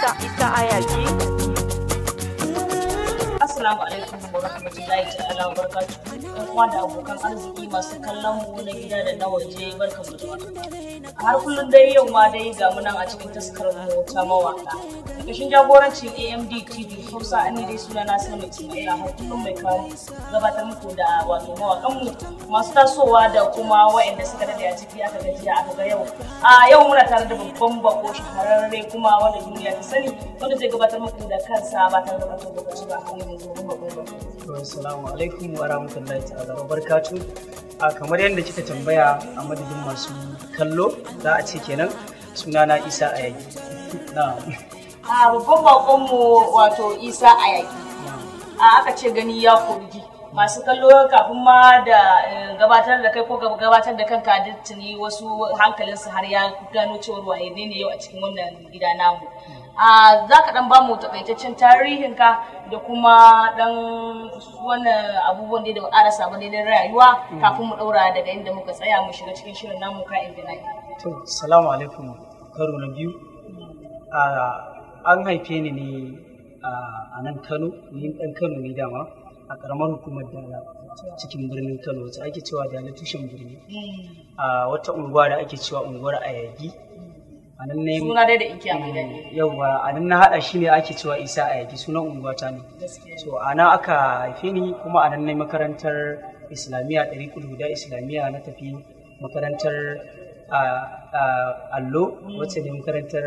Está, está aí aqui. Assalamu alaikum wa rahmatullahi ta'ala wa barakatuhu. Ɗan uwa da abokan arziki masu kallon mu na gida da na waje barkan mu da Har kullum dai yau ma dai ga mu nan a cikin taskar mu ta mawaka. Kashin jagorancin AMD TV Hausa an dai suna na sanin Ismaila har kullum mai kawo gabatar muku da wato mawakan mu masu tasowa da kuma waɗanda suka dade a ciki aka gajiya aka ga yau. A yau muna tare da babban bako shahararre kuma wanda duniya ta sani wanda zai gabatar muku da kansa ba tare da ɓata lokaci ba. Assalamu alaikum wa rahmatullahi ta'ala wa barakatu. kamar yadda kika tambaya a madadin masu kallo za a ce kenan sunana Isa Ayaki. Na. A babban bakonmu wato Isa Ayaki. A aka ce gani ya kurgi. masu kallo kafin ma da eh, gabatar da kai ko gabatar da kanka duk tuni wasu hankalinsu har ya gano cewar waye ne yau a cikin wannan gida namu. Hmm. za ka dan bamu takaitaccen tarihin ka da kuma dan wannan abubuwan da ƙara sabon daidai rayuwa kafin mu daura daga inda muka tsaya mu shiga cikin shirin namu ka inda na to assalamu alaikum karo na biyu an haife ni ne a nan Kano ni dan Kano ne dama a karamar hukumar Dala cikin birnin Kano wacce ake cewa Dala tushen birni mm. a wata unguwa da ake cewa unguwar Ayagi anan ne suna dai da mm, na haɗa shi ne ake cewa isa a yaki sunan unguwata ne so ana aka haife ni kuma anan ne makarantar islamiyya ɗari guda islamiyya na tafi makarantar allo mm. wacce ne makarantar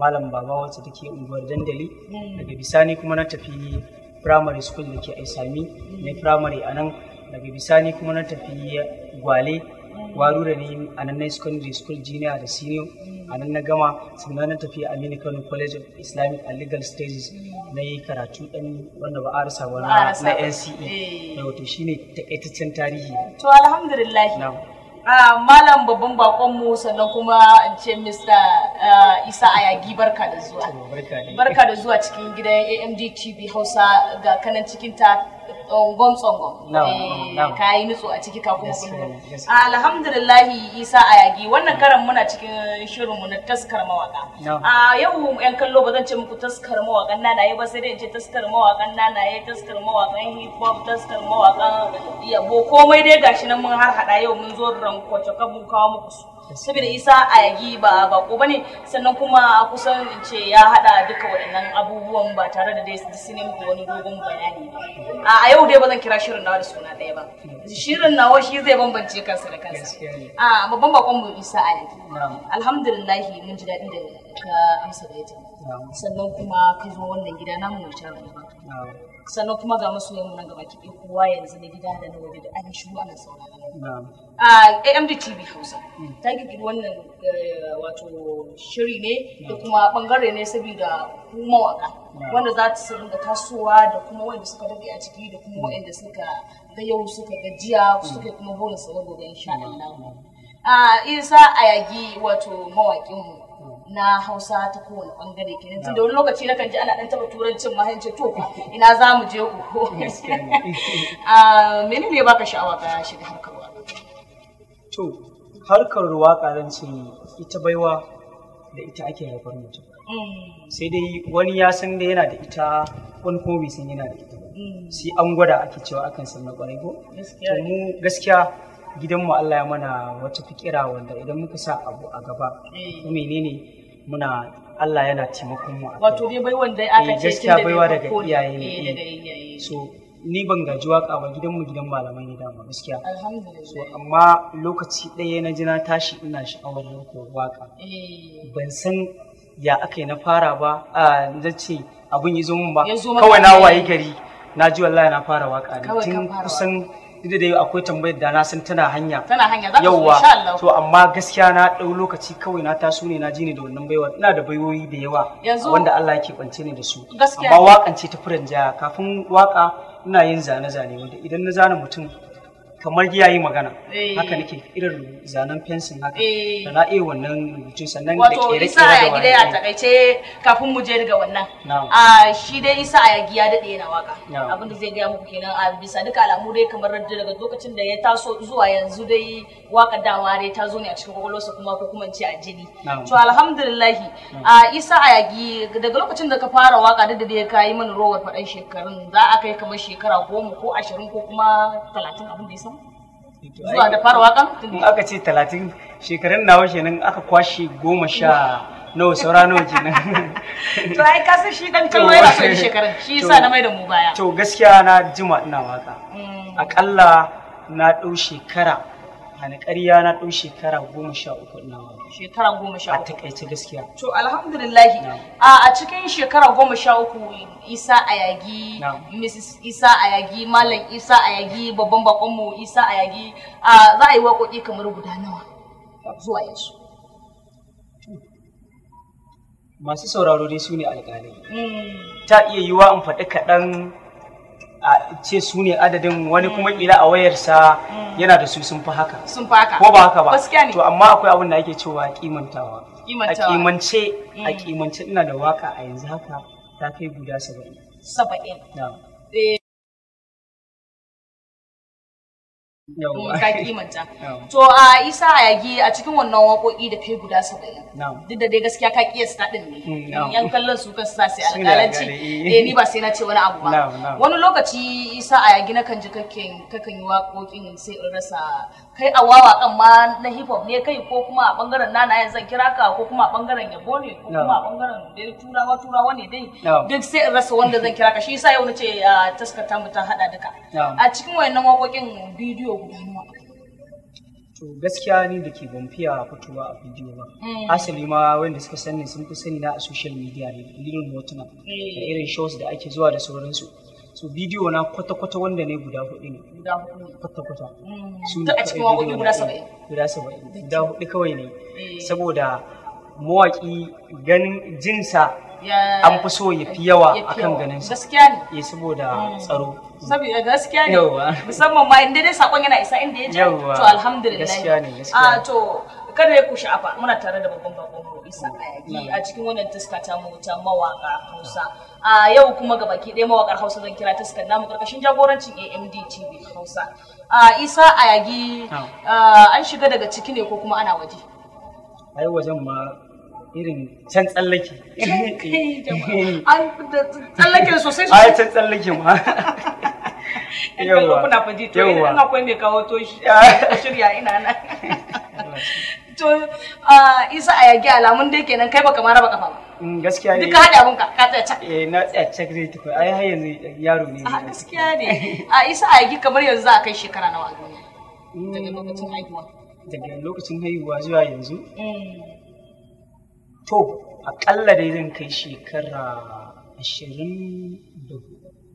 malam baba wacce take unguwar dandali mm. daga bisani kuma na tafi primary school da ke aisami na primary anan daga bisani kuma na tafi gwale da ni a nan na secondary school junior da senior a nan na gama sannan na tafi aminu kano college of islamic and legal studies na yi karatu dan wanda ba a rasa ba na nce da eh. wato shine takaitaccen tarihi to alhamdulillah ah, malam babban mu sannan kuma in ce mr ah, isa ayagi barka da zuwa barka da zuwa cikin gidan amd tv hausa ga kanan cikin ta ungon oh, tsongon eh, ka yi nutso a ciki ka kuma eh, ah, alhamdulillah isa ayagi wannan karan muna cikin shirinmu na taskar mawaka a ah, yau yan kallo ba zan ce muku taskar mawakan nanaye ba sai dai in ce taskar mawakan nanaye taskar mawakan hip hop taskar mawakan yabo komai dai gashi nan mun har hada yau mun zo rankwace kabun kawo muku su saboda isa ayagi ba bako ba ne sannan kuma kusan in ce ya hada duka waɗannan abubuwan ba tare da dai su ne ko wani dogon bayani ba a yau dai ba zan kira shirin nawa da suna daya ba shirin nawa shi zai bambance kansa da kansa a babban bakon mu isa ayagi alhamdulillah mun ji daɗi da ka amsa da ita sannan kuma ka zo wannan gida namu mai sannan kuma ga masoyan yamma nan gaba ɗaya kowa yanzu na gida da na waje da an shigo ana sauraron a AMD TV Hausa hmm. ta gidi wannan eh, wato shiri ne da kuma bangare ne saboda ku mawaka wanda za ta ringa tasowa da kuma wanda suka dade a ciki da kuma hmm. wanda suka ga yau suka gajiya hmm. suka kuma burin su gobe insha Allah a Isa Ayagi wato mawakin na hausa ta kowane bangare kenan tunda wani lokaci na kan ji ana dan taba turancin ma ce to ina za mu je ku ah, Menene ne baka sha'awa ka shiga harkar waka to harkar waka zan ce ita baiwa da ita ake haifar mutum mm. sai dai wani ya san da yana da ita wani kuma bai san yana da ita ba mm. sai an gwada ake cewa akan san na kwarai ko to mu gaskiya gidanmu Allah ya mana wata fikira wanda idan muka sa abu a gaba eh. menene muna Allah yana taimakon mu wato dai bai wanda aka ce eh, gaskiya baiwa daga eh, eh. iyaye ne so ni ban gaji waka ba gidan mu gidan malamai ne dama gaskiya Alhamdulillah. so amma lokaci ɗaya na ji na tashi ina sha'awar ko waka ban san ya aka yi na fara ba a zace abun ya zo ba kawai na wayi gari na ji wallahi na fara waka ne tun kusan duk da yau akwai tambayar da na san tana hanya tana hanya za to amma gaskiya na dau lokaci kawai na taso ne na ji ne da wannan baiwar ina da baiwoyi da yawa wanda Allah yake kwance ni da su amma wakan ce ta furan jaya kafin waka ina yin zane-zane wanda idan na zana mutum kamar giya yi magana eh. haka nake irin zanen fensin haka eh. da na iya wannan rubutun sannan da kere isa ya gida ya takaice kafin mu je daga wannan a shi dai isa ya giya daɗe yana waka abin da zai gaya muku kenan a bisa duka alamu dai kamar daga lokacin da ya taso zuwa yanzu dai waka dama dai ta zo ne a cikin kwakwalwarsa kuma ko kuma ce a jini to alhamdulillah a isa ayagi daga lokacin da ka fara waka da dai ka yi mana rowar faɗan shekarun za a kai kamar shekara goma ko ashirin ko kuma talatin abin da ya samu zuwa da fara wakan in aka ce talatin shekarun nawa kenan aka kwashe goma sha nawa saura nawa kenan to ai ka san shi dan kallo yana son shekarun shi yasa na mai da mu baya to gaskiya na jima ina waka mm. akalla na ɗau shekara hana ƙarya na ɗau shekara goma sha uku na Shekara goma sha uku. A takaice gaskiya. To alhamdulillah a cikin shekara goma sha uku Isa Ayagi, Mrs. Isa Ayagi, Malam Isa Ayagi, babban bakonmu Isa Ayagi, za a yi waƙoƙi kamar guda nawa zuwa yanzu. Masu sauraro dai su ne alƙalai. Hmm. Ta iya yiwa in faɗi kaɗan a ce su ne adadin wani kuma hmm. kila a wayarsa hmm. yana da su sun fi haka sun fi haka ko ba haka ba to amma akwai abin da ake cewa kimantawa a kimance a kimance hmm. ina da waka a yanzu haka ta kai guda saba'in saba'in eh, Mm, ka kimanta to a isa yagi a cikin wannan waƙoƙi da kai guda saba'in duk da dai gaskiya ka kiyasta din ne mm, yan kallon su kan sa sai alƙalanci eh. eh ni ba sai na ce wani abu ba wani lokaci isa a yagi na kan ji kakken kakan yi waƙoƙin sai in rasa kai a wawa kan ma na hip hop ne kai ko kuma a bangaren nana yanzu zan kira ka ko kuma a bangaren yabo ne ko kuma a bangaren dai turawa turawa ne dai duk sai in rasa wanda zan kira ka shi isa yau na ce ah, taskata mu ta haɗa duka a cikin wannan waƙoƙin bidiyo idanuwa to gaskiya ni da ke ban fiya fitowa a bidiyo ba hmm. asali ma wanda suka sani sun fi sani na a social media ne dalilin hotuna da hmm. irin shows da ake zuwa da sauransu so bidiyo na kwata-kwata wanda ne guda hudu ne Guda kwata-kwata hmm. su ne a cikin waƙoƙi guda saba'in guda saba'in guda hudu kawai ne saboda mawaki ganin jinsa an fi so ya fi yawa akan ganin sa gaskiya ne eh, saboda tsaro saboda gaskiya ne musamman ma inda dai sakon yana isa inda ya je to alhamdulillah gaskiya ne ah, to kada ya ku sha'afa muna tare da babban bakon mu Isa Kayaki a cikin wannan taska ta mu ta mawaka Hausa a ah, yau kuma ga baki ɗaya mawakar Hausa zan kira taskar namu karkashin jagorancin AMD TV Hausa a ah, Isa Ayagi an shiga daga ciki ne ko kuma ana waje ai wajen ma irin can tsallake. Eh, eh, ai can tsallake ma. Yawwa. Kuna faji to idan akwai mai kawo to shirya ina nan. To Isa a yage alamun dai kenan kai baka ma raba kafa ba. Mm, gaskiya ne. Duka haɗe abinka ka tsaya cak. Eh na tsaya cak zai tafi ai har yanzu yaro ne. Ah, gaskiya ne. A Isa a yage kamar yanzu za a kai shekara nawa a duniya. Mm. Daga lokacin haihuwa. Daga lokacin haihuwa zuwa yanzu. Mm. to akalla dai zan kai shekara ashirin da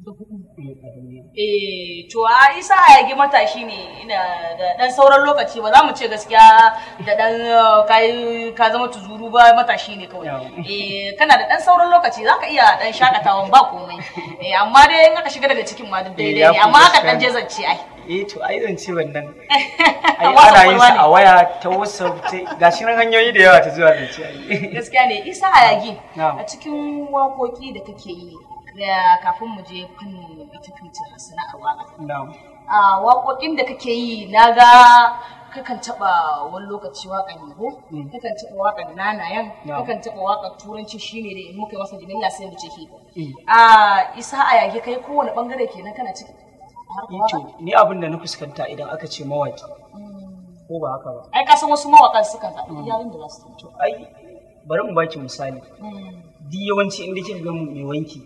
a duniya. Eh, to a isa a yagi matashi ne ina da dan sauran lokaci ba za mu ce gaskiya da dan eh, ka zama tuzuru ba matashi ne kawai. Eh, kana da dan sauran lokaci za ka iya dan shakatawan ba komai. Eh, amma dai in aka shiga daga cikin ma duk daidai ne eh, amma aka dan je ai. Eh, to a yi zance wannan. ai ana yin sa a waya ta Ga shi nan hanyoyi da yawa ta zuwa da ce gaskiya ne isa alagi a cikin wakoki da kake yi da kafin mu je fannin ita kanta sana'ar waka a wakokin da kake yi na ga kakan taba wani lokaci wakan yabo mm. kakan taba wakan nanayan kakan taba wakan turanci shine da muka yi masa jimilla sai mu ce ke a isa a yage kai kowane bangare kenan kana ciki Eh to ni abin da na fuskanta idan aka ce mawaki mm. ko ba haka ba ai kasan wasu mawakan suka zaɓi mm. yayin da za su to ai bari mu baki misali mm. di yawanci inda kika ga mai wanki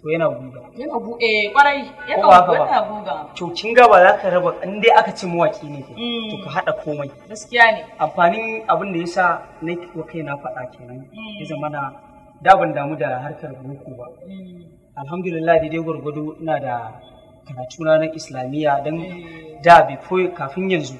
to yana guga yana bu eh kwarai yana yana guga to kin ga ba za ka raba in dai aka ce mawaki ne to ka hada komai gaskiya ne amfanin abin da yasa na wa kai na faɗa kenan ya zama na da ban damu da harkar boko ba alhamdulillah dai gwargwado ina da karatu na islamiyya don da before kafin yanzu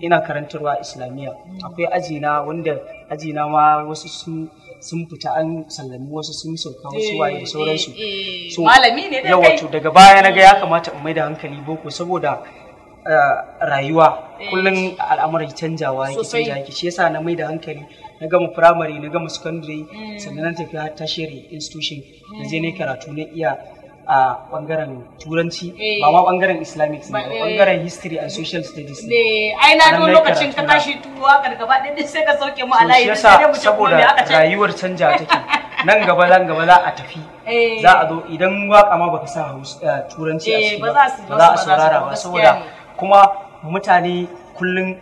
ina karantarwa islamiyya akwai ajina wanda ajina ma wasu sun sun fita an sallami wasu sun sauka wasu eh, waye da sauransu eh, eh, so malami daga baya na ga ya kamata in maida hankali boko saboda rayuwa kullum al'amuran canjawa yake canja yake shi yasa na maida hankali na gama firamare na gama secondary hmm. sannan na tafi har tertiary institution na je hmm. ne karatu na iya a bangaren turanci eh. ba ma bangaren islamic ba bangaren eh. history and social studies ne ai na don lokacin ka tashi tuwa gargaba ɗin sai ka sauke mu a layi sai mu ce saboda rayuwar canja take nan gaba nan gaba za a tafi eh. za a zo idan waka ma baka sa turanci a ciki ba za a saurara ba saboda kuma mutane kullum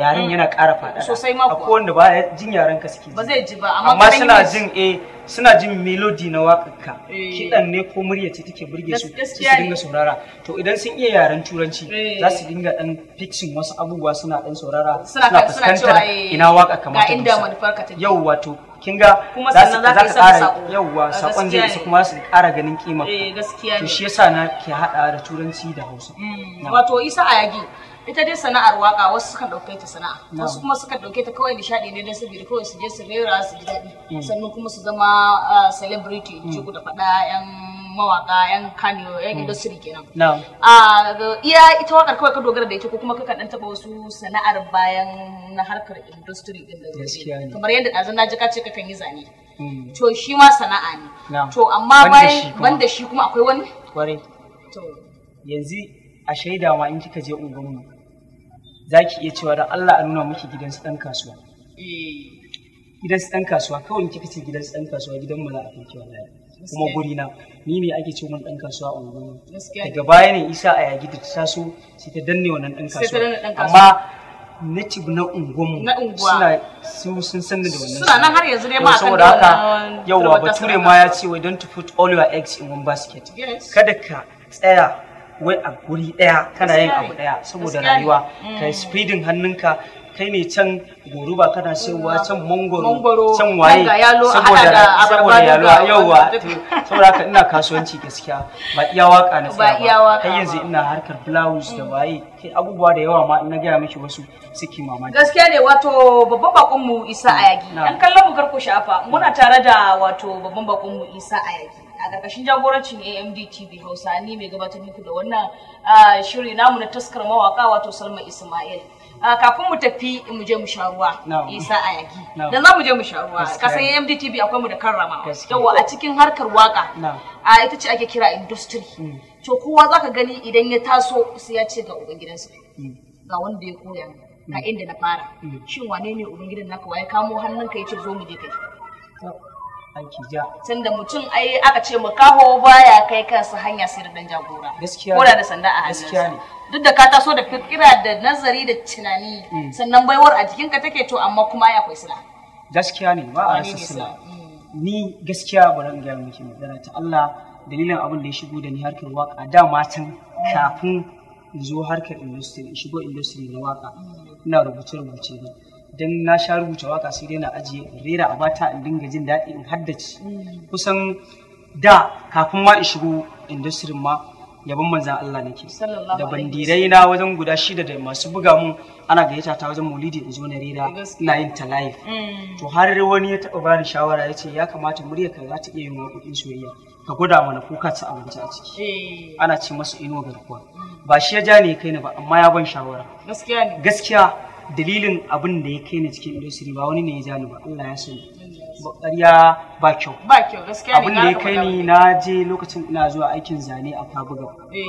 yaren mm. yana ƙara faɗa sosai ma akwai wanda ba jin yaren ka suke ba zai ji ba amma suna jin eh suna jin melody na waƙarka eh. kiɗan ne ko murya ce take burge su su dinga saurara to idan sun iya yaren turanci eh. za su dinga dan fixing wasu abubuwa suna dan saurara suna fuskantar eh, ina waka kamar ta inda ka take yau wato kin ga za su za ka ƙara yauwa sakon zai su kuma su ƙara ganin kima eh gaskiya to shi yasa na ke hada da turanci da Hausa mm. wato Isa Ayagi ita dai sana'ar waka wasu suka dauke ta sana'a wasu kuma suka ɗauke ta kawai nishaɗi ne dan saboda kawai su je su rera su ji dadi mm. sannan kuma su zama ah, celebrity ce mm. da faɗa 'yan mawaka yan kanyo yan mm. industry kenan ah, iya ita wakar kawai ka dogara da ita ko kuma ka dan taba wasu sana'ar bayan na harkar industry din da kamar yadda ɗazun na ka ce kakan yi zane to shi ma sana'a ne to amma bai banda shi kuma akwai wani kware to yanzu a shaida ma in kika je unguwanmu za ki iya cewa da Allah a nuna miki gidan su ɗan kasuwa. Eh. Gidan su ɗan kasuwa kawai in kika ce gidan su ɗan kasuwa gidan mu za a kai wallahi. Kuma guri na ni ne ake ce mun ɗan kasuwa a wurin. Daga baya ne Isa a yagi da ta taso sai ta danne wannan ɗan kasuwa. Amma native na unguwanmu suna sun san da wannan suna nan har yanzu ne ma akan saboda yawa bature ma ya ce wai don't put all your eggs in one basket kada ka tsaya wai a guri daya kana yin abu daya saboda rayuwa mm. kai speeding hannunka kai ne can goruba kana saiwa mm. can mangoro can waye saboda yalwa yalo yawa saboda haka ina kasuwanci gaskiya ba iya waka na tsaya ba kai yanzu ina harkar blouse da mm. waye kai abubuwa da yawa ma ina gaya miki wasu suke mamaki gaskiya ne wato babban bakon mu Isa Ayagi dan kallon mu garko shafa muna tare da wato babban bakon mu Isa Ayagi a jagoranci jagorancin AMD TV Hausa ne mai gabatar muku da wannan shiri namu na taskar mawaka wato Salma Ismail. kafin mu tafi mu je mu sha ruwa isa a yaki dan za mu je mu sha ruwa ka san MDTV akwai mu da karrama yawa a cikin harkar waka a ita ce ake kira industry mm. to kowa zaka gani idan ya taso sai ya ce ga ubangidansa mm. ga wanda ya koya ka mm. inda na fara shin wane ne ubangidan naka waye kamo hannunka yace zo mu je kai Hanki ja. Tunda mutum ai aka ce mu makaho baya kai kansa hanya sai da dan jagora. Gaskiya. Kora da sanda a hannunsa. Gaskiya ne. Duk da ka taso da fikira da nazari da tunani mm. sannan baiwar a jikinka take to amma kuma ya akwai sila. Gaskiya ne ba a rasa sila. Mm. Ni gaskiya ba ran gaya miki magana ta Allah dalilin abin da ya shigo da ni harkar waka da matan kafin in zo harkar industry shigo industry na waka mm. ina rubuce-rubuce ne. don na sha rubuta waka sai dai na ajiye in rera a bata in dinga jin daɗi in haddace mm. kusan da kafin ma in shigo industry ma yabon manzan Allah nake da bandirai na wajen guda shida da masu buga mu ana gayyata ta wajen maulidi in zo na rera ina yin ta live mm. to har wani ya taba bani shawara ya ce ya kamata murya ka za ta iya yin waƙoƙin soyayya ka gwada mana kuka ka ci abinci a ciki eh. ana ce masu inuwa garkuwa mm. ba shi ya ja ne kai ni ba amma ya ban shawara gaskiya dalilin abin da ya kai ni cikin industry ba wani ne ya jani ba Allah ya sani ƙarya ba kyau ba kyau gaskiya abin da ya kai ni na je lokacin ina zuwa aikin zane a Kabuga eh.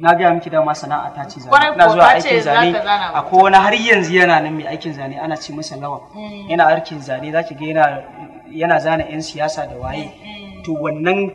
na ga miki dama sana'a ta ce zane ina zuwa aikin zane a kowane har yanzu yana nan mai aikin zane ana ce masa lawa hmm. yana aikin zane ki ga yana yana zana yan siyasa da waye hmm. to wannan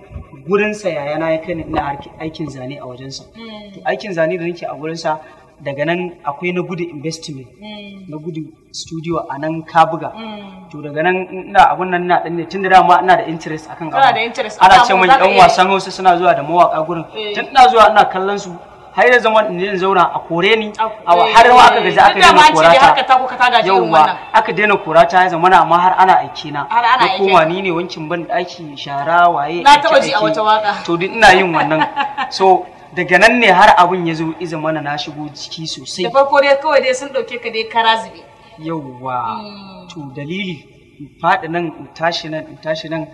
gurinsa yayana ya kai ni ina aikin zane a wajensa hmm. to aikin zane da nake a gurinsa daga nan akwai na gudu investment hmm. na gudu studio a nan ka buga hmm. to daga nan ina abun nan na dan ne tun da dama ina da interest akan gaba ana ce mun dan wasan Hausa suna zuwa da mawaka gurin eh. tun ina zuwa ina kallon su har da zama in zauna a kore ni a har ma aka eh. gaji aka daina korata yauwa aka daina korata ya zama amma har ana aike na na koma ni ne wankin ban daki shara waye na taba ji a wata waka to duk ina yin wannan so daga nan ne har abun ya zo iza mana na shigo jiki sosai da farko dai kawai dai sun dauke ka dai kara zube yauwa mm. to dalili in faɗi nan in tashi nan in tashi nan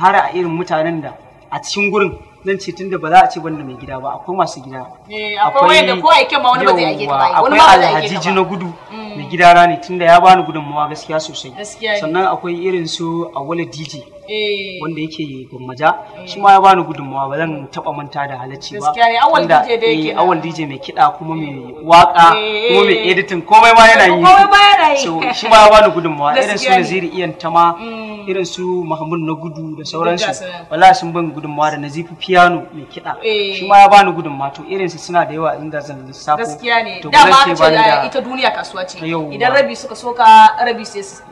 har a irin mutanen da a cikin gurin zan ce tunda ba za a ce banda mai gida ba akwai masu gida eh, akwai wanda ko aike ma wani ba zai aike ba wani alhaji na gudu mm. mai gida rani tunda ya bani gudunmawa gaskiya sosai sannan akwai irin su a wala DJ Eh. wanda yake gwammaja shi ma ya bani gudunmawa ba zan taba manta da halacci ba gaskiya ne awal DJ eh, mai kida kuma mai waka eh. kuma mai editing komai ma yana yi so shi ma ya bani gudunmawa irin su Naziri iyan tama mm. irin su Mahmud na gudu da sauransu wala sun ban gudunmawa da Nazifi piano mai kida shi ma ya bani gudunmawa to irin su suna da yawa inda zan lissafo gaskiya ne da ce ita duniya kasuwa ce idan rabi suka soka rabi sai su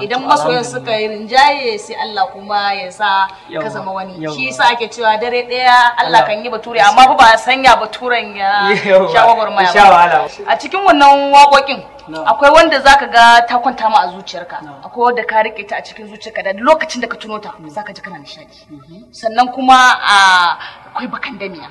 idan masoyan suka yi rinjaye sai Allah kuma kuma ya sa ka zama wani shi yasa ake cewa dare daya Allah kan yi bature amma fa ba sanya baturen ya shawagwar maya ba a cikin wannan waƙoƙin akwai wanda zaka ga ta kwanta ma a zuciyarka akwai wanda ka rike ta a cikin zuciyarka da lokacin da ka tuno ta mm. zaka ji kana nishaɗi mm-hmm. sannan kuma ah, akwai bakan damiya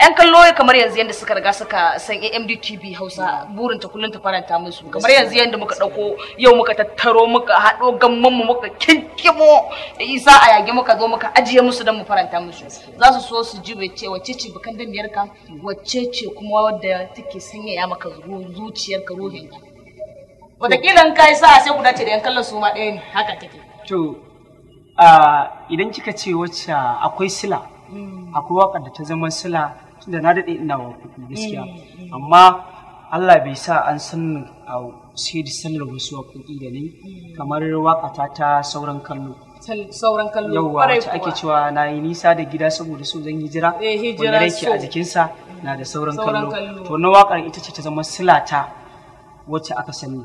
'yan kallo kamar yanzu yadda suka riga suka san AMD TV Hausa burin ta kullun ta faranta musu kamar yanzu yadda muka dauko yau muka tattaro muka hado gamman mu muka kinkimo isa a yage muka zo muka ajiye musu dan mu faranta musu za su so su ji ce wacce ce dan biyar ka wacce ce kuma wadda take ya maka zuciyar ka ruhin ka wataƙila in kai sa sai ku dace da 'yan kallon su ma ɗaya ne haka take to idan kika ce wacce akwai sila hmm. akwai waƙar da ta zama sila tunda na daɗe ina wa kuɗi gaskiya eh, eh, eh. amma Allah bai sa an san a sai da sanar wasu waƙoƙi da ni kamar waƙata ta sauran kallo sauran kallo yawwa wacce ake cewa na yi nisa da gida saboda so zan hijira wanda rake a jikinsa na da sauran kallo to na waƙar ita ce ta zama silata wacce aka sani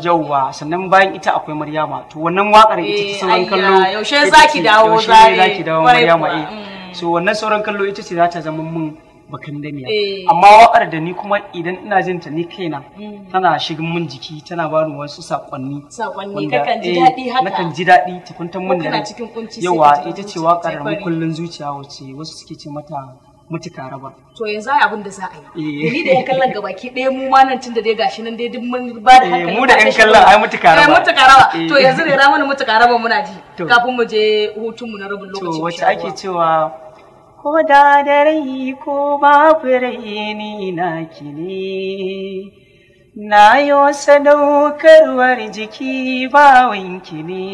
yawwa sannan bayan ita akwai maryama to wannan waƙar ita ta sauran kallo yaushe zaki dawo zaki dawo maryama eh mm. so wannan sauran kallo ita ce za ta zama mun bakan damiya eh. amma waƙar da ni kuma idan ina jin ta ni kaina mm. tana shigin min jiki tana ba ni wasu sakonni sakonni kan ji dadi eh, haka kan ji dadi ta kuntan mun da yawa ita ce waƙar mu kullun zuciya wace wasu suke ce mata mutuka raba. To yanzu ai abin da za a yi. Eh. Ni da ya kallon gabaki ɗaya mu ma nan tunda dai gashi nan dai duk mun ba da haka Mu da 'yan kallon ai mutuka raba. mutuka raba. To yanzu ra mana mutuka raba muna ji. Kafin mu je hutun mu na rabin lokaci. To wace ake cewa ko da da rai ko babu rai ni na ne na yo sadaukarwar jiki bawanki ne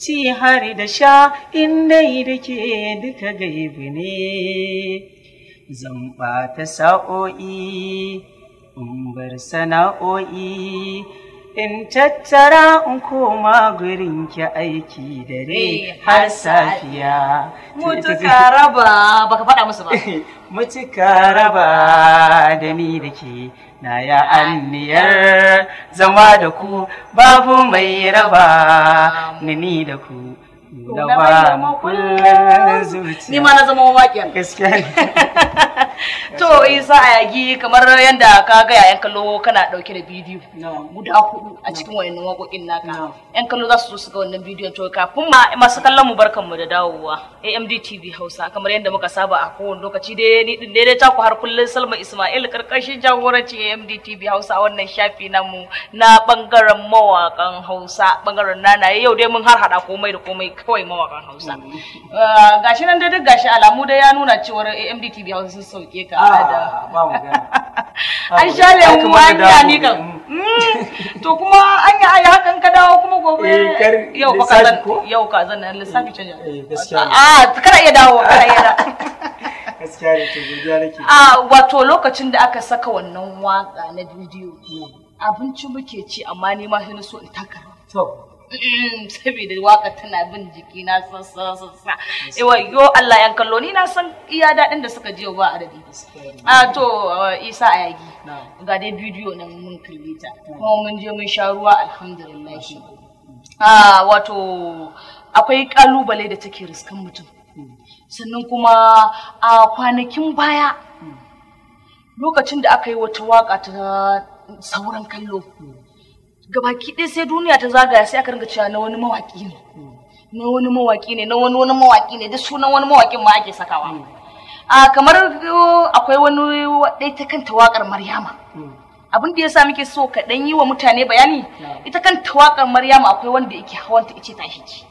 ci har da sha in dai da duka gaibu ne zan ɓata sa'o'i in bar sana'o'i in tattara in koma gurin ki aiki dare eh, har safiya mutuka raba baka faɗa musu ba mutuka raba da ni da ke na ya anniyar zama da ku babu mai raba ni ni da ku Na ba mu kullum zuciya ni ma na zama mawaƙiyar gaskiya to isa a yagi kamar yadda ka ga yayan kallo kana dauke da bidiyo guda hudu a cikin wayannan wakokin naka yan kallo za su zo su ga wannan bidiyo to kafin ma masu kallon mu barkan mu da dawowa AMD TV Hausa kamar yadda muka saba a kowane lokaci dai ni din dai ta ku har kullun Salma Ismail karkashin jagoranci AMD TV Hausa wannan shafi namu na bangaren mawakan Hausa bangaren nanaye yau dai mun har hada komai da komai kawai mawakan Hausa mm. ah, gashi nan dai duk gashi alamu dai ya nuna cewa AMD TV Hausa sun sauke sauke ka ah, da mu an sha lemu ni kam to kuma an yi ayi hakan ka dawo kuma gobe eh, yau ka zan yau ka zan lissafi eh, canja eh, ah gaskiya iya dawo kana iya da to a ah, wato lokacin da aka saka wannan waka na bidiyo mm. abinci muke ci amma ni ma sai na so in taka to Mm, saboda waka tana bin jiki na sassa sassa ewa yo Allah yan kallo ni na san iya dadin da suka je ba adadi a to eh, Isa Ayagi ga dai bidiyo nan mun kalle ta kuma mun je mun sha ruwa alhamdulillah a wato akwai kalubale da take riskan mutum mm. sannan kuma a kwanakin baya mm. lokacin da aka yi wata waka ta sauran kallo gabaki ɗaya sai duniya ta zagaya sai aka ringa cewa na wani mawaƙi ne na wani mawaƙi ne na wani wani mawaƙi ne duk sunan wani mawakin ma ake sakawa hmm. a kamar uh, akwai wani ɗaya ta kanta waƙar maryama hmm. abin da yasa muke so ka ɗan yi wa mutane bayani ita kanta waƙar maryama akwai wanda yake hawanta ice ta ce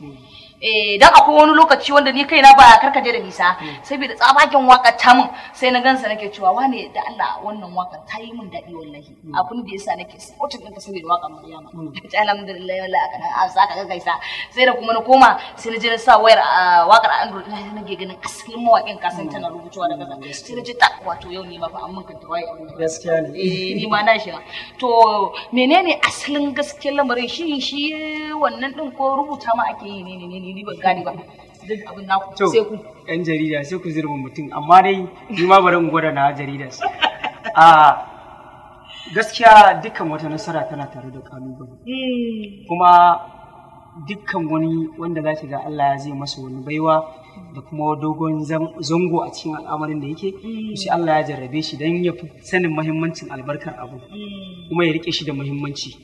Eh, dan akwai wani lokaci wanda ni kaina ba karkaje da nisa hmm. saboda tsabakin waka ta min sai na gansa nake cewa wane da Allah wannan waka ta yi min daɗi wallahi hmm. abin da yasa nake sautin ka saboda waka Maryama ta hmm. alhamdulillah wallahi aka dan asa ka gaisa sai da kuma na koma sai na je na sa wayar ah, wakar Android na na nake ganin asalin mawakin ka san tana rubutuwa da nan, sai na je ta wato yau ne ma fa an mun kanta gaskiya ne eh ni ma na shi to menene asalin gaskiyar lamarin shi shi wannan din ko rubuta ma ake yi ne ne ne ni ni ban gane ba duk abin na ku sai ku yan jarida sai ku zirba mutum amma dai ni ma bari in gwada na jaridar a gaskiya dukkan wata nasara tana tare da kalubale hmm. kuma dukkan wani wanda za ga Allah ya zai masa wani baiwa da kuma dogon zango a cikin al'amarin da yake mm. shi Allah ya jarrabe shi don ya fi sanin mahimmancin albarkar abu mm. kuma ya rike shi da mahimmanci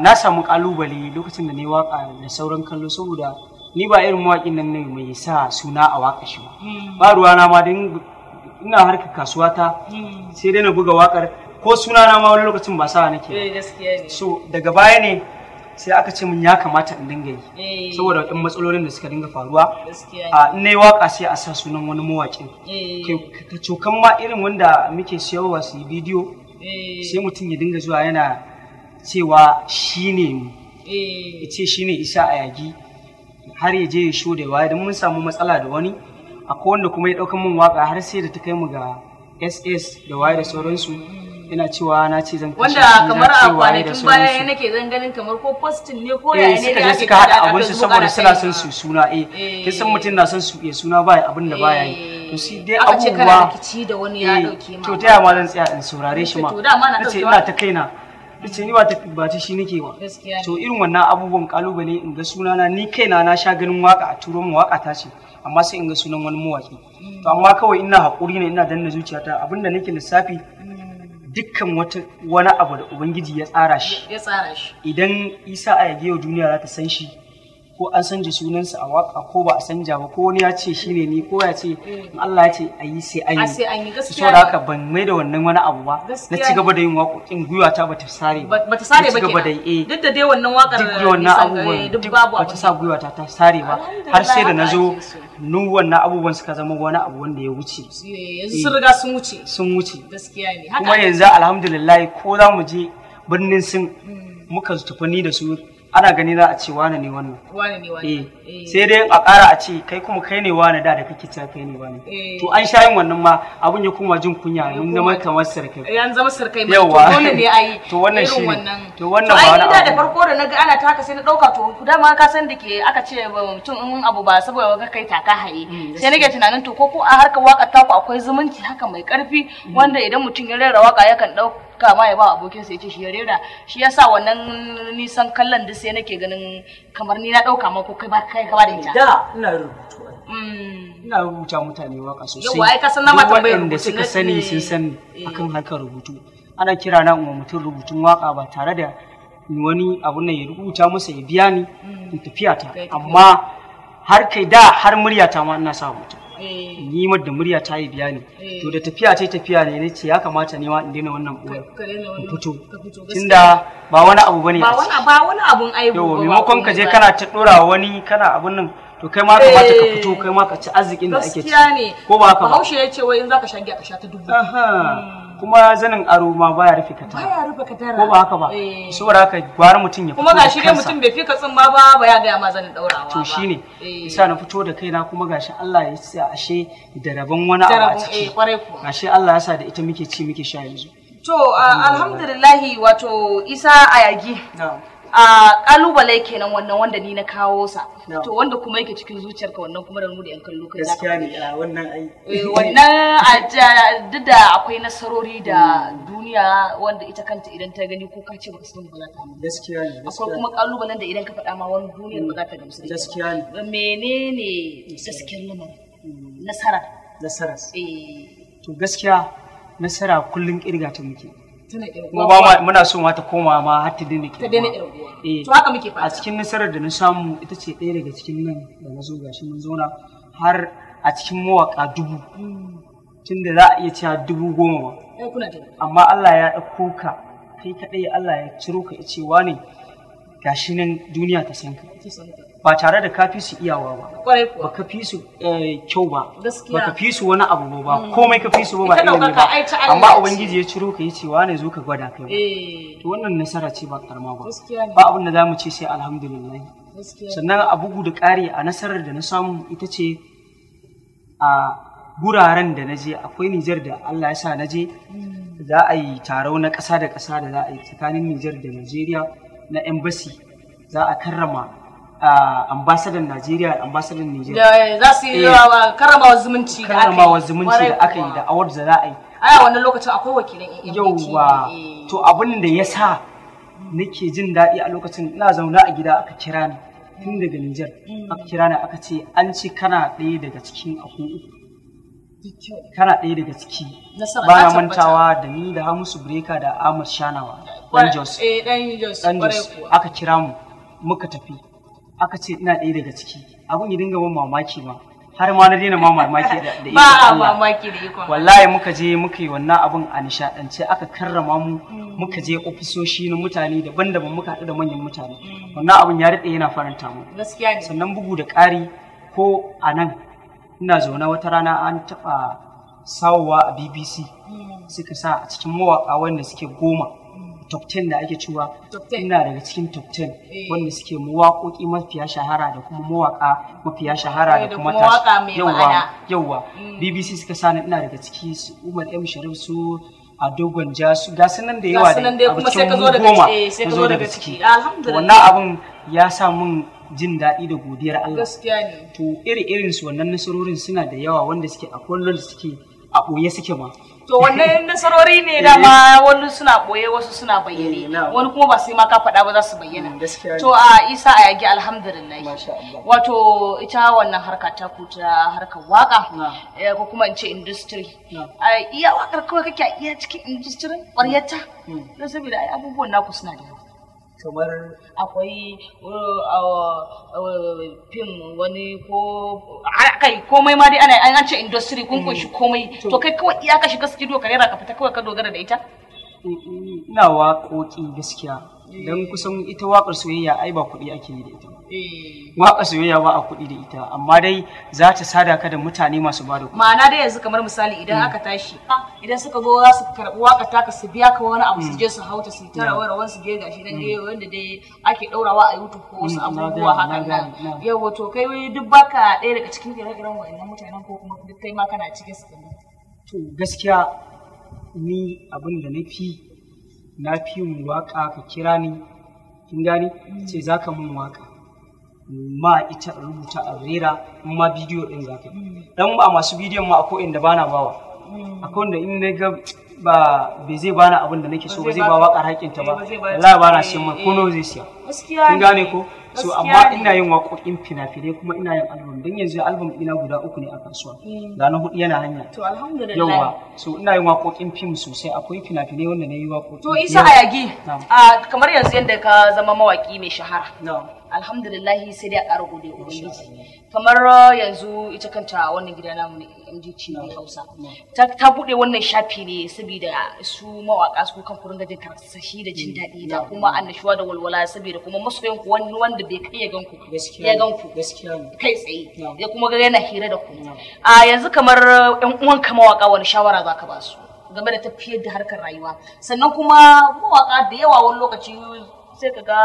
na samu kalubale lokacin da ne waka da sauran kallo saboda ni ba irin mawaƙin nan ne mai sa suna a waka shi mm. ba ruwa na ma don ina harkar kasuwa ta sai dai na buga wakar ko suna na ma wani lokacin ba sa nake eh, so daga baya ne sai aka ce mun ya kamata in dinga yi eh. saboda wadannan matsalolin da suka dinga faruwa a ne ah, waka sai a sa sunan wani mawaƙin eh. ka cokan ma irin wanda muke siyarwa su yi bidiyo eh. sai mutum ya dinga zuwa yana cewa shi ne mu ya ce shi shine isa a yagi har ya je ya sho da waya don mun samu matsala da wani akwai wanda kuma ya ɗaukan mun waka har sai da ta kai mu ga ss da waya da sauransu mm. ina cewa na ce zan kashe wanda kamar a kwanakin baya nake zan ganin kamar ko postin ne ko eh, yaya ne da ake suka hada abun su saboda suna son su suna eh, eh kin san mutun na son su ya eh, suna ba abin da baya yi to shi dai abubuwa rikici da wani ya dauke ma to ta ma zan tsaya in saurare shi ma to dama na dauke ina ta kaina ce ni ba ta ba ta shi nake ba to irin wannan abubuwan kalubale in ga sunana ni kaina na sha ganin waka a turo mu waka ta ce amma sai in ga sunan wani mawaki to amma kawai ina haƙuri ne ina danna zuciyata abinda nake lissafi dukkan wata wani abu da ubangiji ya tsara shi ya tsara shi idan isa a yage duniya za ta san shi ko an sanja sunansa a waka ko ba a sanja ba ko wani ya ce shi ne ni ko ya ce in Allah ya ce a yi sai an yi so da haka ban mai da wannan wani abu ba na ci gaba da yin waƙoƙin gwiwa ta bata sare ba ta sare ba na eh, duk da dai wannan waka duk da wannan abubuwan eh, duk ta sa gwiwa ta ta sare ba har sai da na zo wannan abubuwan suka zama wani abu wanda ya wuce eh, yanzu sun riga sun wuce sun wuce gaskiya ne kuma yanzu alhamdulillah ko za mu je birnin sun hmm. muka tafi ni da su ana gani za a ce wane ne wannan wane ne wane eh. eh sai dai a ƙara a ce kai kuma kai ne wane da da kake cewa kai ne wane eh. to an sha yin wannan ma abun ya kuma jin kunya mun zama kamar sarkai yan zama sarkai ba to dole ne ayi to wannan shi to wannan ba wani da farko da naga ana taka sai na dauka to dama ka san da ke aka ce mutum in abu ba saboda ka kai taka haye mm, sai nake tunanin to ko ko a harkar waka taku akwai zumunci haka mai karfi mm. wanda idan mutum ya rera waka yakan dauka ɗauka ma ya ba abokin sa yace shi ya rera shi yasa wannan nisan kallon da sai nake ganin kamar ni na ɗauka ma ko kai ba kai ka ba da ita da ina rubutu mm. ina rubuta mutane waka sosai yawa ai ka san na mata bai rubutu suka sani sun sani eh. akan harkar rubutu ana kira na umma mutum rubutun waka ba tare da wani abun nan ya rubuta masa ya biya ni mm. in tafiya ta amma har kai da har murya ta ma ina sa mutum Eh. ni ma da murya ta yi biya ne eh. to da tafiya ta tafiya ne ne ce ya kamata ne ma in daina wannan uwar in fito tunda ba wani abu bane ba wani ba wani abun aibu ba maimakon ka je kana ta dora wani kana abun nan to kai ma kamata ka eh. fito kai ma ka ci arzikin da ake ci ko ba haka ba Bahaushe ya ce wai in zaka sha giya ka sha ta dubu kuma zanin aro ma baya rufe katara baya rufe katara ko ba haka ba eh. saboda haka gwara mutum ya kuma gashi dai mutum bai fika tsimma ba ba ya gaya ma zanin daurawa to shine isa eh. na fito da kaina kuma gashi Allah ya sa ashe da rabon wani abu a ciki eh, gashi Allah ya sa da ita muke ci muke sha yanzu to alhamdulillah wato isa ayagi na'am a kalubale kenan wannan wanda ni na kawo sa to wanda kuma yake cikin zuciyarka wannan kuma da mu da yan kallo kai gaskiya ne wannan ai eh, wannan duk da akwai nasarori da mm. duniya wanda ita kanta idan ta gani ko ka ce baka san ba za ta amma gaskiya ne akwai kuma kalubalen da idan ka faɗa ma wani duniya. ba za ta gamsu gaskiya ne menene gaskiyar lamarin mm. nasara nasara eh to gaskiya nasara kullun kirga ta muke kuma ba muna so ma ta koma ma har ta daina ta daina eh, to haka muke fata a cikin nasarar da na samu ita ce ɗaya daga cikin nan da na zo gashi mun zauna har a cikin mawaka dubu tun da za a iya cewa dubu goma ba eh, amma Allah ya ɗauko ka kai kaɗai Allah ya ciro ka ya ce wane gashi nan duniya ta san ka ba tare da ka fi su iyawa ba ba ka fi su eh, kyau ba ba ka fi su wani abu ba mm. komai ka fi su ba ba ilimi ba amma ubangiji ya ciro ka yi cewa ne zo ka gwada kai ba eh. to wannan nasara ce ba karama ba ba abin da za mu ce sai alhamdulillah sannan a bugu da ƙari a nasarar da na samu ita ce a guraren da na je akwai Nijar da Allah ya sa na je mm. za a yi taro na ƙasa da ƙasa da za a yi tsakanin Nijar da Najeriya na embassy za a karrama ambasadan Najeriya da ambasadan Nigeria. Za su yi eh. karamawa zumunci da aka yi. Karamawa zumunci da aka yi da award da za a yi. Aya wannan lokacin akwai wakilan EMPT. Yauwa eh. to abin da ya sa nake jin daɗi a lokacin ina zaune a gida aka kira ni tun daga Nijar mm. aka kira ni aka ce an ce kana ɗaya daga cikin akwai uku. kana ɗaya daga ciki ba na mantawa da ni da Hamisu Breka da Ahmad Shanawa dan Jos dan eh, Jos aka kira mu muka tafi aka ce ina ɗaya daga ciki abin ya dinga ban mamaki ma har ma na daina ma mamaki da ikon Allah ba mamaki da ikon wallahi muka je muka yi wannan abun a nishadance aka karrama mu mm. muka je ofisoshi na mutane daban-daban muka haɗu da manyan mutane mm. wannan abun ya daɗe yana faranta mu gaskiya ne sannan bugu da ƙari ko a nan ina zaune wata rana an taɓa sawowa a BBC mm. suka sa a cikin mawaƙa wanda suke goma top 10 da ake cewa ina daga cikin top 10 eh. wanda suke mawaƙoƙi mafiya shahara da kuma mawaƙa mafiya shahara da eh, kuma tashi yawa yawa mm. BBC suka sani ina daga ciki su Umar M Sharif su a dogon ja su ga nan da yawa da a cikin goma ka zo daga eh, ciki wannan abun ya sa mun jin daɗi da godiyar Allah to iri irin su wannan nasarorin suna da yawa wanda suke a wanda suke a ɓoye suke ma to wannan eh, nasarori ne dama wani suna boye wasu suna bayyane eh, wani kuma ba sai ma ka faɗa ba za su bayyana mm, to a isa a yagi alhamdulillah wato ita wannan harka ta kuta harka waka eh, ko kuma in ce industry iya wakar kawai kake iya cikin industry ƙwaryarta mm. don saboda abubuwan naku suna da yawa kamar akwai uh, fim wani ko kai komai ma dai ana an ce industry kun kunshi mm. komai to kai kawai iya ka gaskiya ka rera ka fita kawai ka dogara da ita mm, mm, ina waƙoƙi gaskiya don kusan ita waƙar soyayya ai ba kuɗi ake yi da ita eh. waƙar soyayya ba a kuɗi da ita amma dai za ta sada ka da mutane masu ba da kuɗi ma'ana dai yanzu kamar misali idan hmm. aka tashi ah, idan suka zo za su karɓi waƙar taka su biya ka wani abu su hmm. je su hauta su ta rawar rawar su je gashi dan hmm. dai wanda dai ake ɗaurawa a YouTube ko wasu abubuwa haka nan yawa to kai duk baka ɗaya daga cikin ire-iren wa'annan mutanen ko kuma duk kai ma kana cikin su to gaskiya ni abin da na fi na fi mun waƙa ka kira ni kin gani mm. ce za ka mun waƙa. ma ita rubuta a rera ma bidiyo ɗin za ka yi. Mm. dan ba masu bidiyon ma akwai inda bana bawa mm. akwai inda in na ga ba bai zai bana abin da nake so ba zai ba wakar ta eh, ba wallahi bana shi ma nawa zai siya eh, kin gane ko so amma ina yin waƙoƙin fina-finai kuma ina yin album don yanzu album ina guda uku ne a kasuwa mm. ga na hudu yana hanya to alhamdulillah so ina yin waƙoƙin fim sosai akwai fina-finai wanda na yi waƙoƙi to isa ayagi kamar yanzu yadda ka zama mawaƙi mai shahara alhamdulillahi sai dai a ƙara gode ubangiji kamar uh, yanzu ita kanta wannan gida namu ne MDTV Hausa ta ta bude wannan shafi ne saboda su mawaka su kan kurin gajin karsashi da jin daɗi da kuma annashuwa da walwala saboda kuma masoyan ku wani wanda bai kai ya ganku ku ya ganku gaskiya kai tsaye ya kuma ga yana hira da ku a yanzu kamar uwan uh, uwanka mawaka wani shawara za ka ba su game da tafiyar da harkar rayuwa sannan kuma mawaka da yawa wani lokaci sai ka ga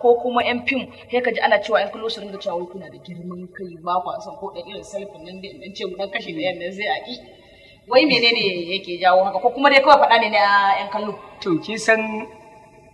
ko kuma yan fim sai ka ji ana cewa yan kulo su ringa cewa kuna da girman kai ba kwa san ko dan irin selfin nan dai dan ce gudan kashi da yan zai a ki wai menene yake jawo haka ko kuma dai kawai faɗa ne na yan kallo to kin san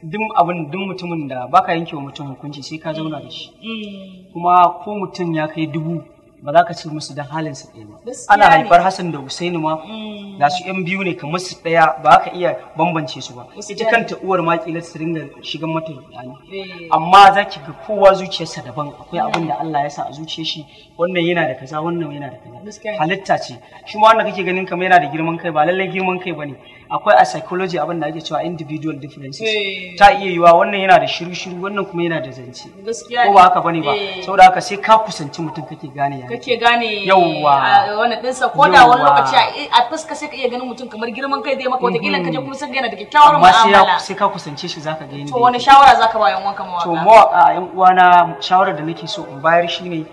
duk abin duk mutumin da baka yanke wa mutum hukunci sai ka zauna da shi mm. kuma ko mutum ya kai dubu ba za ka ce musu dan halin su ɗaya ba ana haifar Hassan da Husainu ma mm. ga su yan biyu ne kamar su ɗaya ba ka iya bambance su ba ita kanta uwar ma kila su ringa shigan mata rudani eh. amma za ki ga kowa zuciyarsa daban akwai abin da mm. Allah ya sa a zuciyar shi wannan yana da kaza wannan yana da kaza halitta ce shi ma wanda kake ganin kamar yana da girman kai ba lallai girman kai ba ne. akwai a psychology abin da ake cewa individual differences eh. ta iya yiwa wannan yana da shiru-shiru wannan kuma yana da zance ko ba haka bane ba eh. saboda haka sai ka kusanci mutum kake gane ya kake gane yawwa wannan sa ko da wani lokaci a fuska sai ka iya ganin mutum kamar girman kai zai maka hmm. wata kila kaje kuma sai yana da kyakkyawar mu'amala sai ka kusance shi zaka ga yanda to wani shawara zaka ba yan uwanka mawaka to a yan uwana shawarar da nake so in bayar shine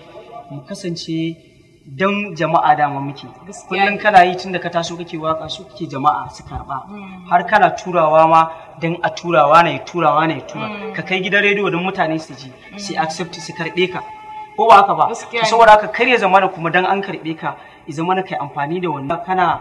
mu kasance don jama'a dama muke kullum kana yi tun da ka taso kake waka su kake jama'a su karba mm. har kana turawa ma don a turawa na turawa na tura mm. ka kai gidan rediyo don mutane su ji mm. su accept su karbe ka ko ba haka ba saboda haka kar zama da kuma don an karɓe ka i zama na kai amfani da wannan kana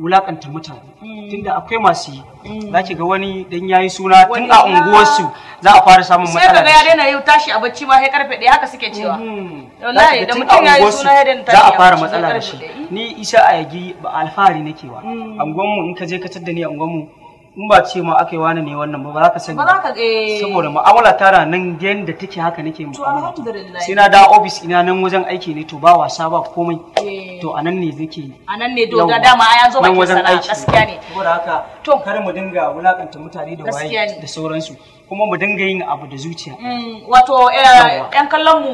wulakanta mutane mm. tunda akwai masu yi mm. za ki ga wani dan yayi suna tun a unguwarsu za a fara samun matsala sai ga ya daina yau tashi a bacci ma sai karfe ɗaya haka suke cewa mm-hmm. wallahi da mutum yayi suna ya daina tashi za a fara matsala da shi ni Isa Ayagi ba alfahari nake ba mm. anguwan mu in ka je ka tadda ni a mu in ba ce ma aka yi wani ne wannan ba ba za ka sani ba eh. saboda ma'amala tara nan yadda take haka nake mu sai na da office ina nan wajen aiki ne to ba wasa ba komai eh. to anan ne zake anan ne doga dama ya ba bakin sana'a gaskiya ne saboda haka to kar mu dinga wulakanta mutane da waye da sauransu kuma mu dinga yin abu da zuciya. Mm, wato eh, ‘yan kallon mu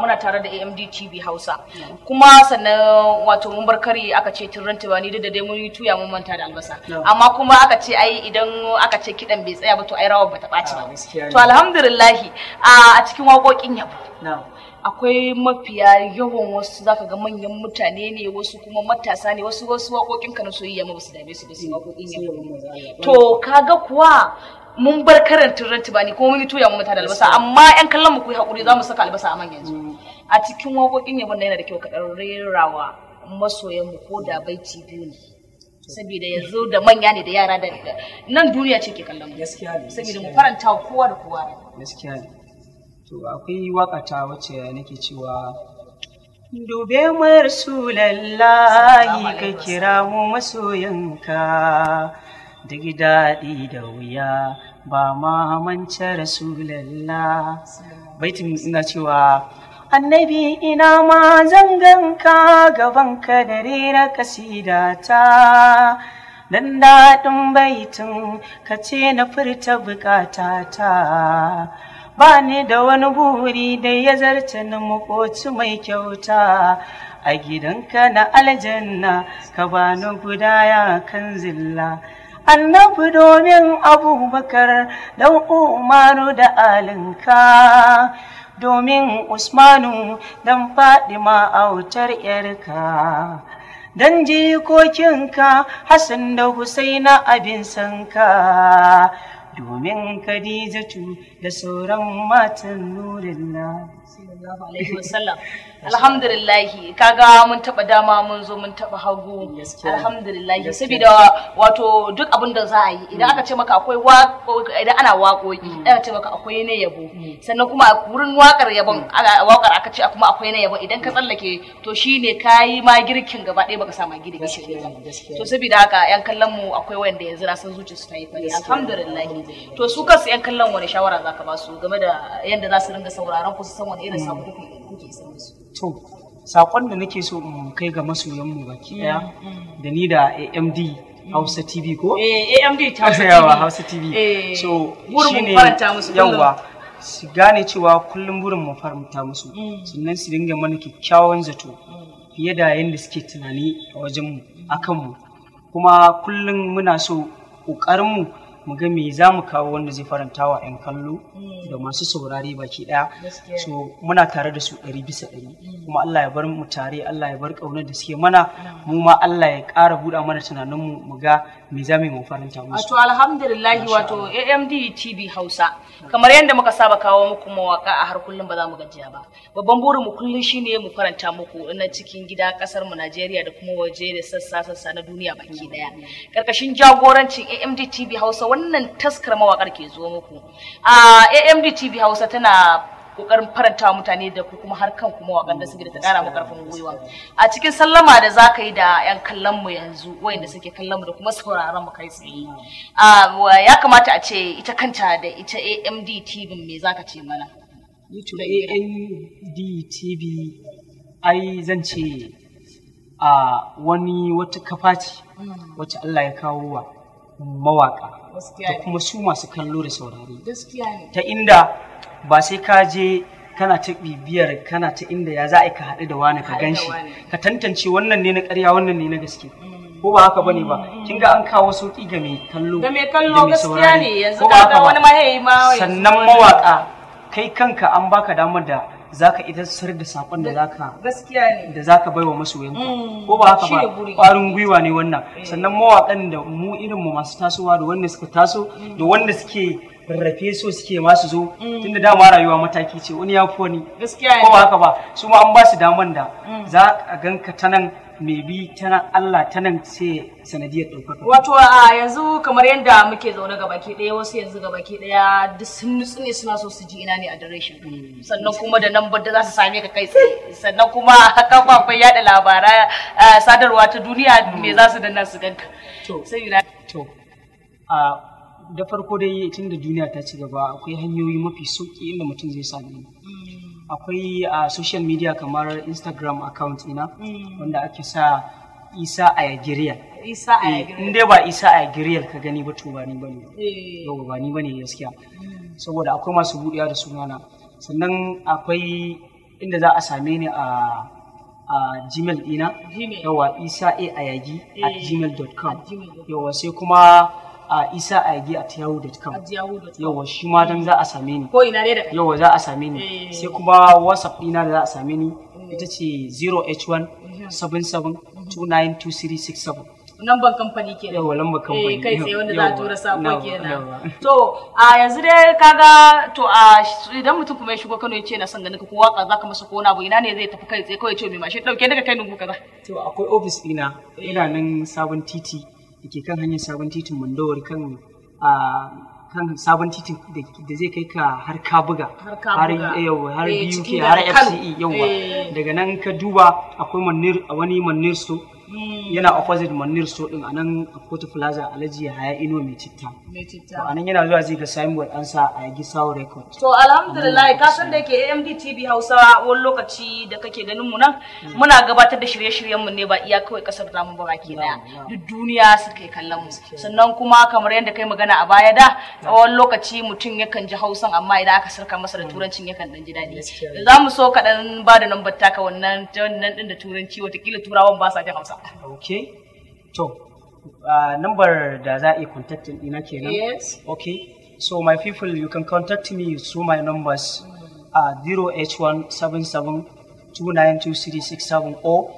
muna tare da AMD TV Hausa. Mm. Kuma sannan wato mun bar kare aka ce tun rantuwa ni da dai mun yi tuya mun manta da albasa. Amma kuma aka ce ai idan aka ce kiɗan bai tsaya ba to ai ba bata ɓaci ba. Ah, to alhamdulillahi a cikin waƙoƙin yabo. akwai mafiya yawan wasu zaka ga manyan mutane ne wasu kuma matasa ne wasu wasu waƙoƙin ka na soyayya ma basu dame su ba su waƙoƙin yabo to kaga kuwa mun bar karantin ranti ba ni, kuma mun yi tuya mata da albasa amma yan kallon mu ku yi hakuri za mu saka albasa a man yanzu mm. a cikin waƙoƙin yabon da yana da kyau ka ɗan rerawa masoyan mu ko da baiti biyu ne saboda yanzu da manya ne da yara da nan duniya ce ke kallon mu gaskiya ne saboda mu faranta wa kowa da kowa gaskiya ne to akwai waka ta wacce nake cewa Dube mai lallahi ka kira mu masoyanka duk daɗi da wuya ba ma mance rasulalla baitin ina cewa annabi ina ma ka gaban ka da rera kasidata dan daɗin baitin ka ce na furta bukatata ba ni da wani buri da ya zarta na makoci mai kyauta a gidanka na aljanna ka bani ya kan zilla annabi domin abubakar dan umaru da alinka domin usmanu don faɗi ma'autar yarka dan jikokinka hassan da husaina abin sanka domin khadijatu da sauran matan nurin sallallahu alaihi wasallam alhamdulillah kaga mun taba dama mun zo mun taba hagu alhamdulillah saboda wato duk abin da za a yi idan aka ce maka akwai wako idan ana waƙoƙi idan mm. aka ce maka akwai ne yabo mm. sannan kuma wurin wakar yabon mm. wakar aka ce kuma akwai ne yabo idan ka tsallake to shine kayi ma girkin gaba ɗaya baka sama girki to saboda haka yan kallon mu akwai wanda yanzu na san zuciyarsu ta yi fari alhamdulillah to su kansu yan kallon wani shawara zaka ba su game da yanda za su ringa sauraron ku su san wani irin sakon da nake so in kai ga masoyan mu baki daya mm, mm. da ni da AMD mm. Hausa TV ko? Eh AMD ta Hausa TV. Yawa eh, burin mu So musu yawa su gane cewa kullum burin mu faranta musu sannan su dinga mana kyakkyawan zato fiye da yadda suke tunani a wajen mu akan mu kuma kullum muna so ƙoƙarin mu mu ga me za mu kawo wanda zai faranta wa 'yan kallo mm. da masu saurari baki daya so muna tare da su ɗari bisa ɗari mm. kuma Allah ya bar mu tare Allah ya bar ƙaunar da suke mana mu ma Allah ya ƙara buɗa mana tunaninmu mu ga me za mu yi mu faranta musu wato alhamdulillah wato AMD TV Hausa kamar yadda muka saba kawo muku mawaka a har kullum ba za mu gajiya ba babban burin mu kullum shine mu faranta muku na cikin gida kasar mu Najeriya da kuma waje da sassa sassa na duniya baki daya karkashin mm. jagorancin AMD TV Hausa wannan taskar mawakar ke zo muku a amd tv hausa tana kokarin faranta mutane da ku kuma har kan kuma da suke da ta kara mu karfin gwiwa a cikin sallama da za ka yi da 'yan kallon mu yanzu wayanda suke kallon mu da kuma sauraron mu kai tsaye ya kamata a ce ita kanta da ita AMD TV me za ka ce mana da AMD TV ai zan ce a wani wata kafa ce mm. wacce Allah ya kawo wa mawaka da kuma su masu kallo da saurari ta inda ba sai ka je kana ta bibiyar kana ta inda ya za a ka haɗu da wani ka gan shi ka tantance wannan ne na ƙarya wannan ne na gaske mm. ko ba haka bane ba mm. kin ga an kawo sauki ga mai kallo ga mai kallo gaskiya ne yanzu ka ga wani ma sannan mawaka kai kanka an baka damar da zaka idasar da sakon da zaka gaskiya ne da zaka baiwa masoyan mm, ko ba haka ba farin gwiwa ne wannan eh. sannan mawakan da mu irin mu masu tasowa da wanda suka taso mm. da wanda suke rarrafe so suke ma su zo mm. Tun da dama rayuwa mataki ce wani ya fi wani ko ba haka ba su ma an ba su daman da mm. za a ganka ta nan mai bi ta nan Allah ta nan sai sanadiyar ɗaukaka. Wato a yanzu kamar yadda muke zaune ga baki ɗaya wasu yanzu ga baki ɗaya duk sun nutsu ne suna so su ji ina ne a direction mm. sannan kuma da nan da za su same ka kai tsaye sannan kuma kafafen yada labara sadarwa ta duniya me za su danna su ganka. To. Sai da farko dai tun da duniya ta ci gaba akwai hanyoyi mafi sauki inda mutum zai sami mm. akwai a social media kamar instagram account ina mm. wanda ake sa isa a yagiriyar isa eh, a ba isa a yagiriyar ka gani ba to ba ni bane eh. yau ba ni bane gaskiya mm. saboda akwai masu buɗewa da sunana sannan akwai inda za a same ni a a gmail dina yawa isa a yagi at eh. gmail.com yawa sai kuma a isa a yi tiyawu da yahoo.com yawa shi ma don za a same ni ko yawa za a same ni eh. sai kuma whatsapp ina da za a same ni eh. ita ce 0h1 mhm. mhm. lambar kamfani ke yawa lambar kamfani eh, kai sai wanda za a tura sako kenan to a yanzu dai kaga to a idan mutum kuma ya shigo Kano ya ce na san ganin ka ko ka zaka masa kona abu ina ne zai tafi kai tsaye kawai ce mai mashi dauke daga kai nungu kaza to akwai ofis ina ina nan sabon titi dake kan hanyar sabon titin mandawar kan sabon titin da zai kai ka har ka buga har har BUK har eh, FCE yawa eh. daga nan ka duba akwai wani mannin so yana opposite manir so din anan a kotu plaza alhaji haya ino mai citta mai citta yana zuwa zai ga signboard an sa a yagi saw record to alhamdulillah ka san da yake amd tv hausa wani lokaci da kake ganin mu nan hmm. muna gabatar da shirye-shiryen mu ne ba iya kawai kasar zamu ba baki daya duk duniya su kai kallon mu sannan kuma kamar yadda kai magana a baya da tsawon lokaci mutum yakan ji Hausa amma idan aka sarka masa da hmm. turancin yakan dan ji daɗi za mu so kaɗan ba da lambar taka wannan din da turanci watakila turawan ba sa jin hausa Ok to uh, number da za a contacting ina kenan yes okay so my people you can contact me through my numbers uh, 0h177 292367 or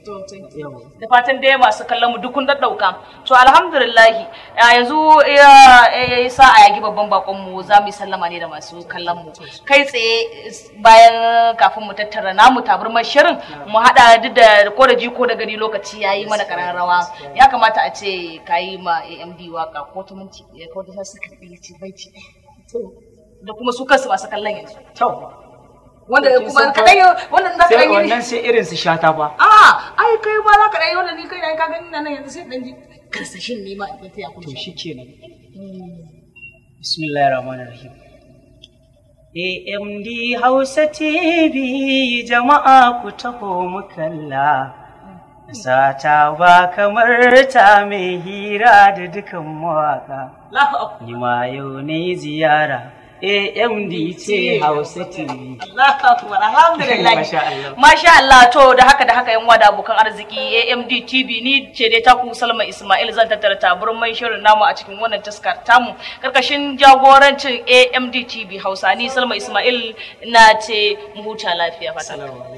Eh. da fatan dai masu kallon mu duk kun daddauka to alhamdulillah yanzu ya eh, yi sa'a ya gi babban bakon mu za mu yi sallama ne da masu kallon mu kai tsaye bayan kafin mu tattara namu taburmar shirin mu haɗa duk da ko da jiko da gani lokaci ya yi mana rawa ya kamata a ce ka yi ma AMD waka ko ta minti ko ta suka ce bai ce da kuma su kansu masu kallon yanzu wanda kuma kaɗan yi wannan za ka wannan sai irin su shata ba a ah, ai kai ba za ka ɗan yi wannan ni kai ka gani nan yanzu sai ɗan ji karsashin ne ma in ta yakun to shi kenan hmm. bismillahir rahmanir rahim AMD Hausa TV jama'a ku taho mu kalla Sata ba kamar ta mai hira da dukan mawaka. Ni ma yau ne ziyara. AMD ce Hausa TV. Allahu Masha Allah. to da haka da haka yan da abokan arziki AMD TV ni ce dai taku Salma Ismail zan tattara taburin mai shirin namu a cikin wannan taskar tamu karkashin jagorancin AMD TV Hausa ni Salma Ismail na ce mu huta lafiya fata.